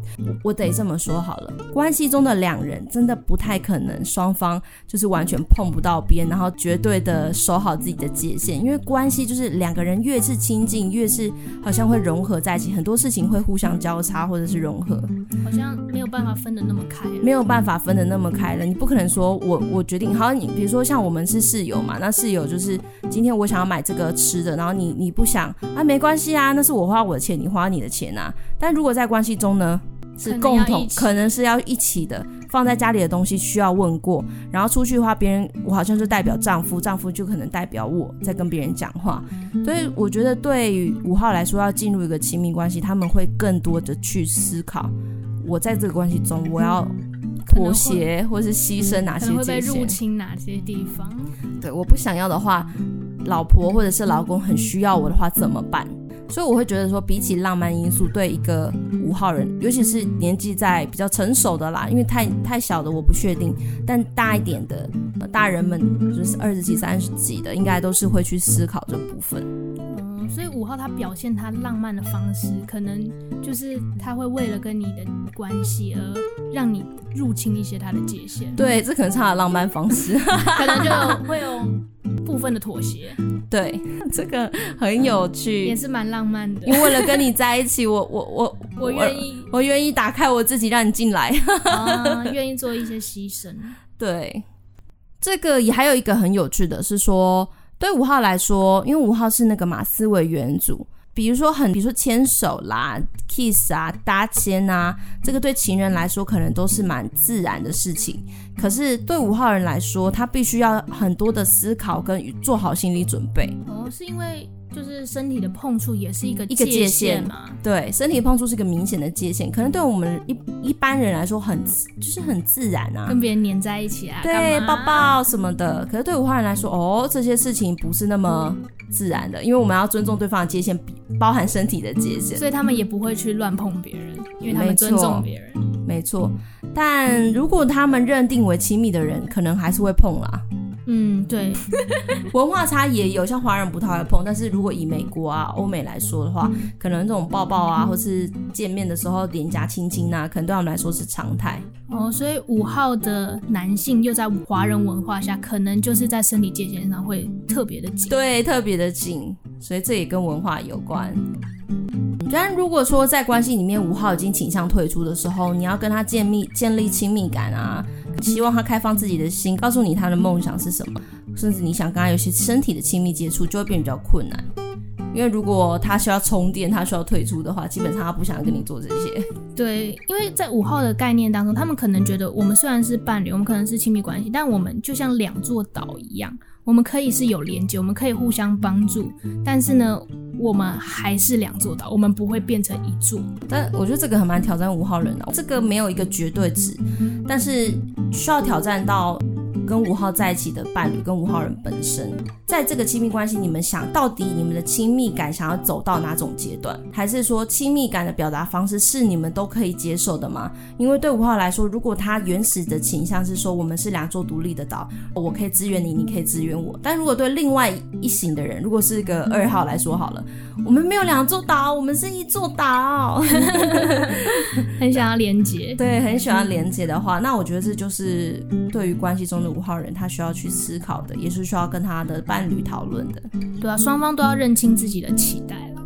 我得這麼說好了。關係中的兩人真的不太可能雙方就是完全碰不到邊，然後絕對的守好自己的界限。因為關係就是兩個人越是親近，越是好像會融合在一起，很多事情會互相交叉或者是融合，好像沒有辦法分得那麼開，沒有辦法分得那麼開了。你不可能說我我決定，好像你比如說像我們是室友嘛。是室友就是今天我想要買這個吃的，然後你你不想啊？沒關係啊，那是我花我的錢，你花你的錢啊。但如果在關係中呢，是共同可，可能是要一起的。放在家裡的東西需要問過，然後出去的話，別人我好像就代表丈夫，丈夫就可能代表我在跟別人講話。嗯。所以我覺得對於五號來說，要進入一個親密關係，他們會更多的去思考，我在這個關係中，我要。嗯妥協或是犧牲哪些些？入侵哪些地方？對，我不想要的話，老婆或者是老公很需要我的話，怎麼辦？所以我會覺得說，比起浪漫因素，對一個五號人，尤其是年紀在比較成熟的啦，因為太太小的我不確定，但大一點的，大人們就是二十幾、三十幾的，應該都是會去思考這部分。所以五號他表現他浪漫的方式，可能就是他會為了跟你的關係而讓你入侵一些他的界限。對，這可能是他的浪漫方式， 可能就有會有部分的妥協。對，這個很有趣，嗯，也是蠻浪。浪漫的，因為為了跟你在一起，我我我我願意，我願意打開我自己讓你進來，願、uh, 意做一些犧牲。 對，這個也還有一個很有趣的是說，對五號來說，因為五號是那個馬思維原主，比如說很，比如說牽手啦、kiss 啊、搭肩啊，這個對情人來說可能都是蠻自然的事情，可是對五號人來說，他必須要很多的思考跟做好心理準備。哦、oh，是因為。就是身體的碰觸也是一個界限嘛，對，身體的碰觸是一個明顯的界限，可能對我們一一般人來說很就是很自然啊，跟別人黏在一起啊，對，抱抱什麼的。可是對五號人來說，哦，這些事情不是那麼自然的，因為我們要尊重對方的界限，包含身體的界限，所以他們也不會去亂碰別人，因為他們尊重別人，沒錯。沒錯，但如果他們認定為親密的人，可能還是會碰啦。嗯，對， 文化差也有，像華人不太會碰。但是如果以美國啊、歐美來說的話，嗯，可能這種抱抱啊，或是見面的時候臉頰親親啊，可能對他們來說是常態。哦，所以五號的男性又在華人文化下，可能就是在生理界限上會特別的緊。對，特別的緊。所以這也跟文化有關。當然，如果說在關係裡面，五號已經傾向退出的時候，你要跟他建立建立親密感啊。希望他開放自己的心，告訴你他的夢想是什麼，甚至你想跟他有些身體的親密接觸，就會變得比較困難。因為如果他需要充電，他需要退出的話，基本上他不想要跟你做這些。對，因為在五號的概念當中，他們可能覺得我們雖然是伴侶，我們可能是親密關係，但我們就像兩座島一樣。我們可以是有連接，我們可以互相幫助，但是呢，我們還是兩座島，我們不會變成一座。但我覺得這個很蠻挑戰五號人的，這個沒有一個絕對值，但是需要挑戰到。跟五號在一起的伴侶，跟五號人本身，在這個親密關係，你們想到底你們的親密感想要走到哪種階段？還是說親密感的表達方式是你們都可以接受的嗎？因為對五號來說，如果他原始的傾向是說，我們是兩座獨立的島，我可以支援你，你可以支援我。但如果對另外一型的人，如果是個二號來說，好了、嗯，我們沒有兩座島，我們是一座島， 很想要連結，對，很喜歡連結的話，那我覺得這就是對於關係中的。五號人他需要去思考的，也是需要跟他的伴侶討論的。對啊，雙方都要認清自己的期待了。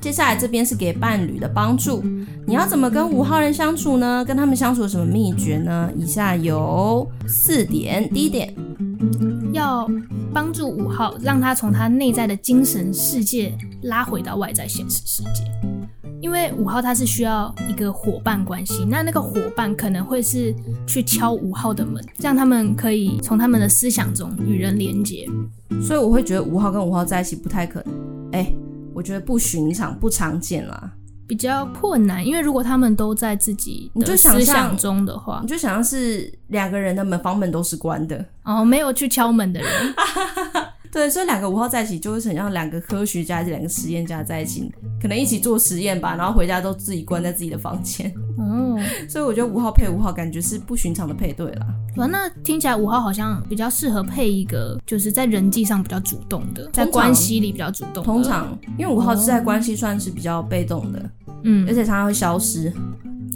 接下來這邊是給伴侶的幫助，你要怎麼跟五號人相處呢？跟他們相處有什麼秘訣呢？以下有四點。第一點，要幫助五號，讓他從他內在的精神世界拉回到外在現實世界。因為五號他是需要一個夥伴關係，那那個夥伴可能會是去敲五號的門，這樣他們可以從他們的思想中與人連接。所以我會覺得五號跟五號在一起不太可能。哎，我覺得不尋常、不常見啦，比較困難。因為如果他們都在自己的思想中的話，你就想象是兩個人的門、房門都是關的哦，沒有去敲門的人。 對，所以兩個五號在一起，就是很像兩個科學家，這兩個實驗家在一起，可能一起做實驗吧，然後回家都自己關在自己的房間。嗯、哦， 所以我覺得五號配五號，感覺是不尋常的配對啦。完、哦、那聽起來五號好像比較適合配一個，就是在人際上比較主動的，在關係裡比較主動的。通常，通常，因為五號是在關係算是比較被動的，嗯、哦，而且常常會消失。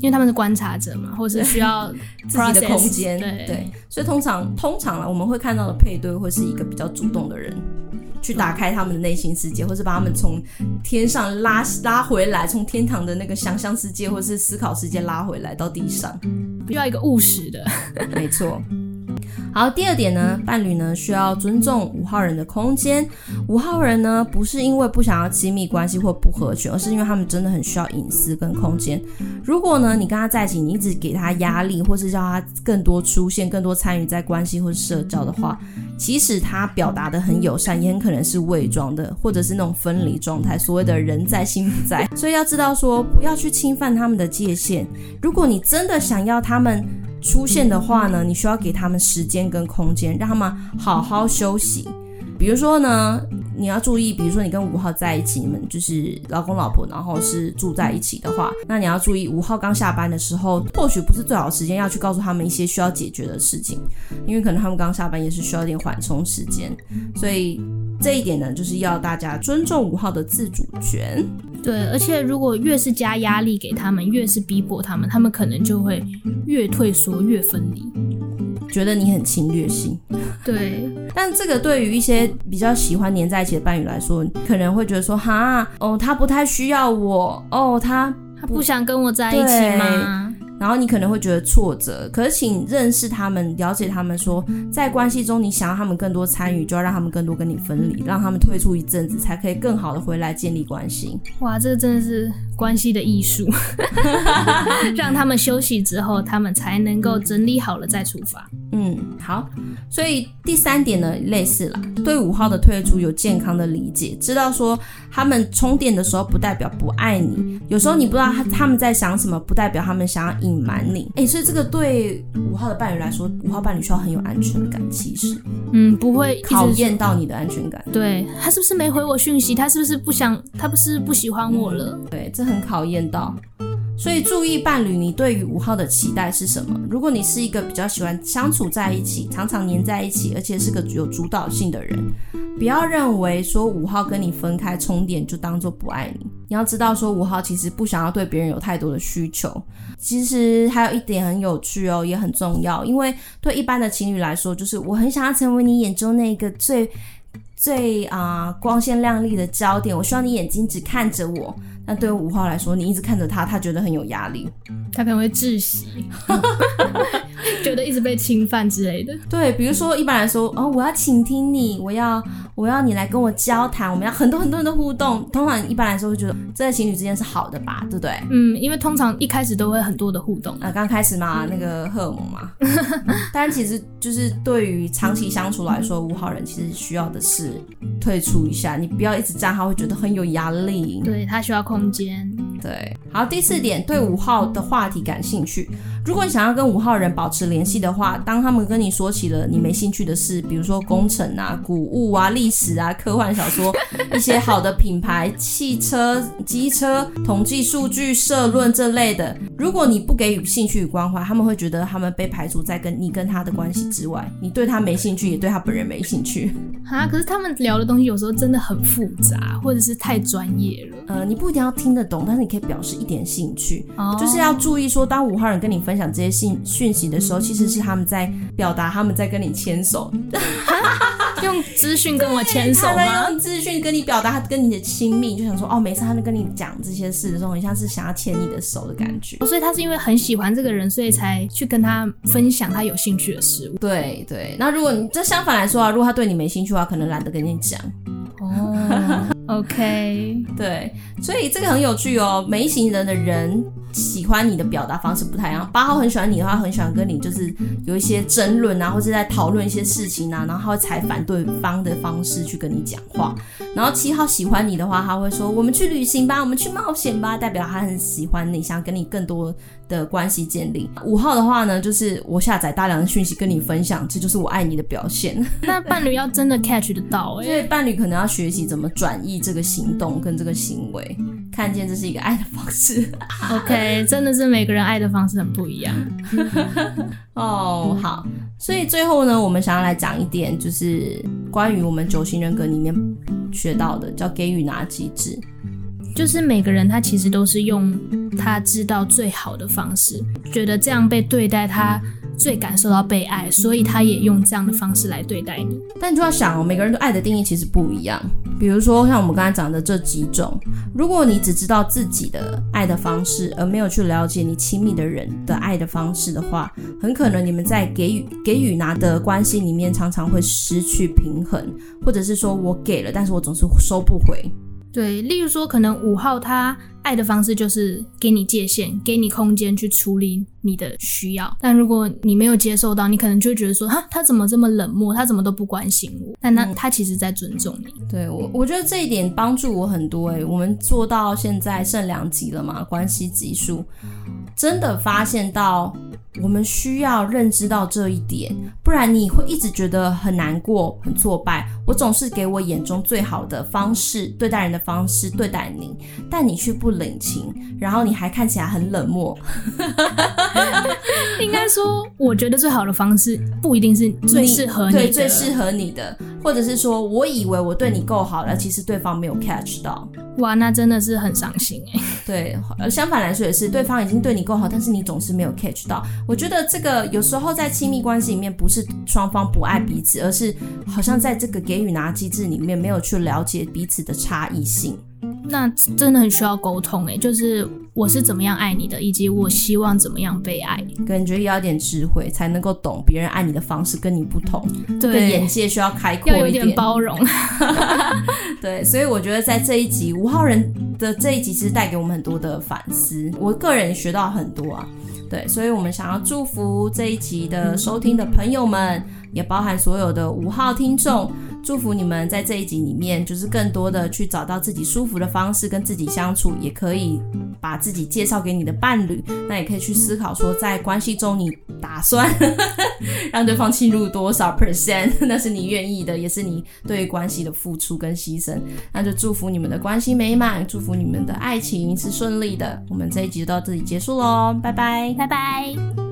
因為他們是觀察者嘛，或是需要 process, 自己的空間，對，所以通常通常啦，我們會看到的配對會是一個比較主動的人，去打開他們的內心世界，嗯，或是把他們從天上拉拉回來，從天堂的那個想象世界或是思考世界拉回來到地上，需要一個務實的， 沒錯。好，第二點呢，伴侶呢需要尊重五號人的空間。五號人呢不是因為不想要親密關係或不合群，而是因為他們真的很需要隱私跟空間。如果呢你跟他在一起，你一直給他壓力，或是叫他更多出現、更多參與在關係或是社交的話，即使他表達得很友善，也很可能是偽裝的，或者是那種分離狀態，所謂的人在心不在。所以要知道說，不要去侵犯他們的界限。如果你真的想要他們。出現的話呢，你需要給他們時間跟空間，讓他們好好休息。比如說呢。你要注意，比如說你跟五號在一起，你們就是老公老婆，然後是住在一起的話，那你要注意，五號剛下班的時候，或許不是最好時間要去告訴他們一些需要解決的事情，因為可能他們剛下班也是需要點緩衝時間，所以這一點呢，就是要大家尊重五號的自主權。對，而且如果越是加壓力給他們，越是逼迫他們，他們可能就會越退縮，越分離。覺得你很侵略性，對。但這個對於一些比較喜歡黏在一起的伴侶來說，可能會覺得說哈，哦，他不太需要我，哦，他不他不想跟我在一起嗎？然後你可能會覺得挫折，可是請認識他們，了解他們說。說在關係中，你想要他們更多參與，就要讓他們更多跟你分離，讓他們退出一陣子，才可以更好地回來建立關係。哇，這個真的是關係的藝術， 讓他們休息之後，他們才能夠整理好了再出發。嗯，好。所以第三點呢，類似了，對五號的退出有健康的理解，知道說他們充電的時候不代表不愛你，嗯、有時候你不知道他他們在想什麼、嗯，不代表他們想要。隱瞞你，哎、欸，所以這個對五號的伴侶來說，五號伴侶需要很有安全感，其實，嗯，不會考驗到你的安全感。對，他是不是沒回我訊息？他是不是不想？他是不是不喜歡我了？嗯、對，這很考驗到。所以，注意伴侶，你對於五號的期待是什麼？如果你是一個比較喜歡相處在一起、常常黏在一起，而且是個有主導性的人，不要認為說五號跟你分開充電就當做不愛你。你要知道，說五號其實不想要對別人有太多的需求。其實還有一點很有趣哦，也很重要，因為對一般的情侶來說，就是我很想要成為你眼中那個最最啊、呃、光鮮亮麗的焦點，我希望你眼睛只看着我。那對五號來說，你一直看着他，他覺得很有壓力，他可能會窒息。 覺得一直被侵犯之類的，對，比如說一般來說，哦，我要傾聽你，我要，我要你來跟我交談，我們要很多很多人的互動。通常一般來說，會覺得這在情侶之間是好的吧，對不對？嗯，因為通常一開始都會很多的互動，啊、呃，剛開始嘛，嗯、那個荷爾蒙嘛。 但其實就是對於長期相處來說，五號人其實需要的是退出一下，你不要一直站，他會覺得很有壓力。對，他需要空間。對，好，第四點，對五號的話題感興趣。如果你想要跟五號人保持聯繫的話，當他們跟你說起了你沒興趣的事，比如說工程啊、古物啊、歷史啊、科幻小說、一些好的品牌、汽車、機車、統計數據、社論這類的，如果你不給予興趣與關懷，他們會覺得他們被排除在跟你跟他的關係之外，你對他沒興趣，也對他本人沒興趣。啊，可是他們聊的東西有時候真的很複雜，或者是太專業了。呃，你不一定要聽得懂，但是你可以表示一點興趣，哦，就是要注意說，當五號人跟你分。講這些信訊息的時候，其實是他們在表達，他們在跟你牽手， 用資訊跟我牽手嗎？用資訊跟你表達他跟你的親密，就想說哦，每次他們跟你講這些事的時候，你像是想要牽你的手的感覺。哦，所以，他是因為很喜歡這個人，所以才去跟他分享他有興趣的事物。對對，對，那如果你這相反來說啊，如果他對你沒興趣的話，可能懶得跟你講。哦。OK，對，所以這個很有趣哦。每型人的人喜歡你的表達方式不太一樣。八號很喜歡你的話，很喜歡跟你就是有一些爭論啊，或是在討論一些事情啊，然後他會採反對方的方式去跟你講話。然後七號喜歡你的話，他會說：“我們去旅行吧，我們去冒險吧。”代表他很喜歡你，想跟你更多的關係建立。五號的話呢，就是我下載大量的訊息跟你分享，這就是我愛你的表現。那伴侶要真的 catch 得到、欸， 所以伴侶可能要學習怎麼轉移這個行動跟這個行為，看見這是一個愛的方式。 OK，真的是每個人愛的方式很不一樣。哦 ，oh, 好。所以最後呢，我們想要來講一點，就是關於我們九型人格裡面學到的，叫給予拿機制。就是每個人他其實都是用他知道最好的方式，覺得這樣被對待他最感受到被愛，所以他也用這樣的方式來對待你。但你就要想哦，每個人對愛的定義其實不一樣。比如說像我們剛才講的這幾種，如果你只知道自己的愛的方式，而沒有去了解你親密的人的愛的方式的話，很可能你們在給予給予拿的關係裡面，常常會失去平衡，或者是說我給了，但是我總是收不回。對，例如說，可能五號他。愛的方式就是給你界限，給你空間去處理你的需要。但如果你沒有接受到，你可能就會覺得說，他怎麼這麼冷漠？他怎麼都不關心我？但他他其實在尊重你。嗯、對我，我覺得這一點幫助我很多、欸。哎，我們做到現在剩兩集了嘛？關係級數真的發現到，我們需要認知到這一點，不然你會一直覺得很難過、很挫敗。我總是給我眼中最好的方式對待人的方式對待你，但你卻不領情，然後你還看起來很冷漠。 應該說，我覺得最好的方式不一定是最適合你的對最適合你的，或者是說我以為我對你夠好了，其實對方沒有 catch 到。哇，那真的是很傷心哎。對，相反來說也是，對方已經對你夠好，但是你總是沒有 catch 到。我覺得這個有時候在親密關係裡面，不是雙方不愛彼此，嗯、而是好像在這個給予拿機制裡面沒有去了解彼此的差異性。那真的很需要溝通哎、欸，就是我是怎麼樣愛你的，以及我希望怎麼樣被愛，感覺要點智慧才能夠懂別人愛你的方式跟你不同，對，眼界需要開闊一點，一點包容 ， 對，所以我覺得在這一集五號人的這一集是帶給我們很多的反思，我個人學到很多啊，對，所以我們想要祝福這一集的收聽的朋友們，也包含所有的五號聽眾。祝福你們在這一集裡面，就是更多的去找到自己舒服的方式跟自己相處，也可以把自己介紹給你的伴侶，那也可以去思考說，在關係中你打算呵呵讓對方進入多少 percent，那是你願意的，也是你對關係的付出跟犧牲。那就祝福你們的關係美滿，祝福你們的愛情是順利的。我們這一集就到這裡結束嘍，拜拜，拜拜。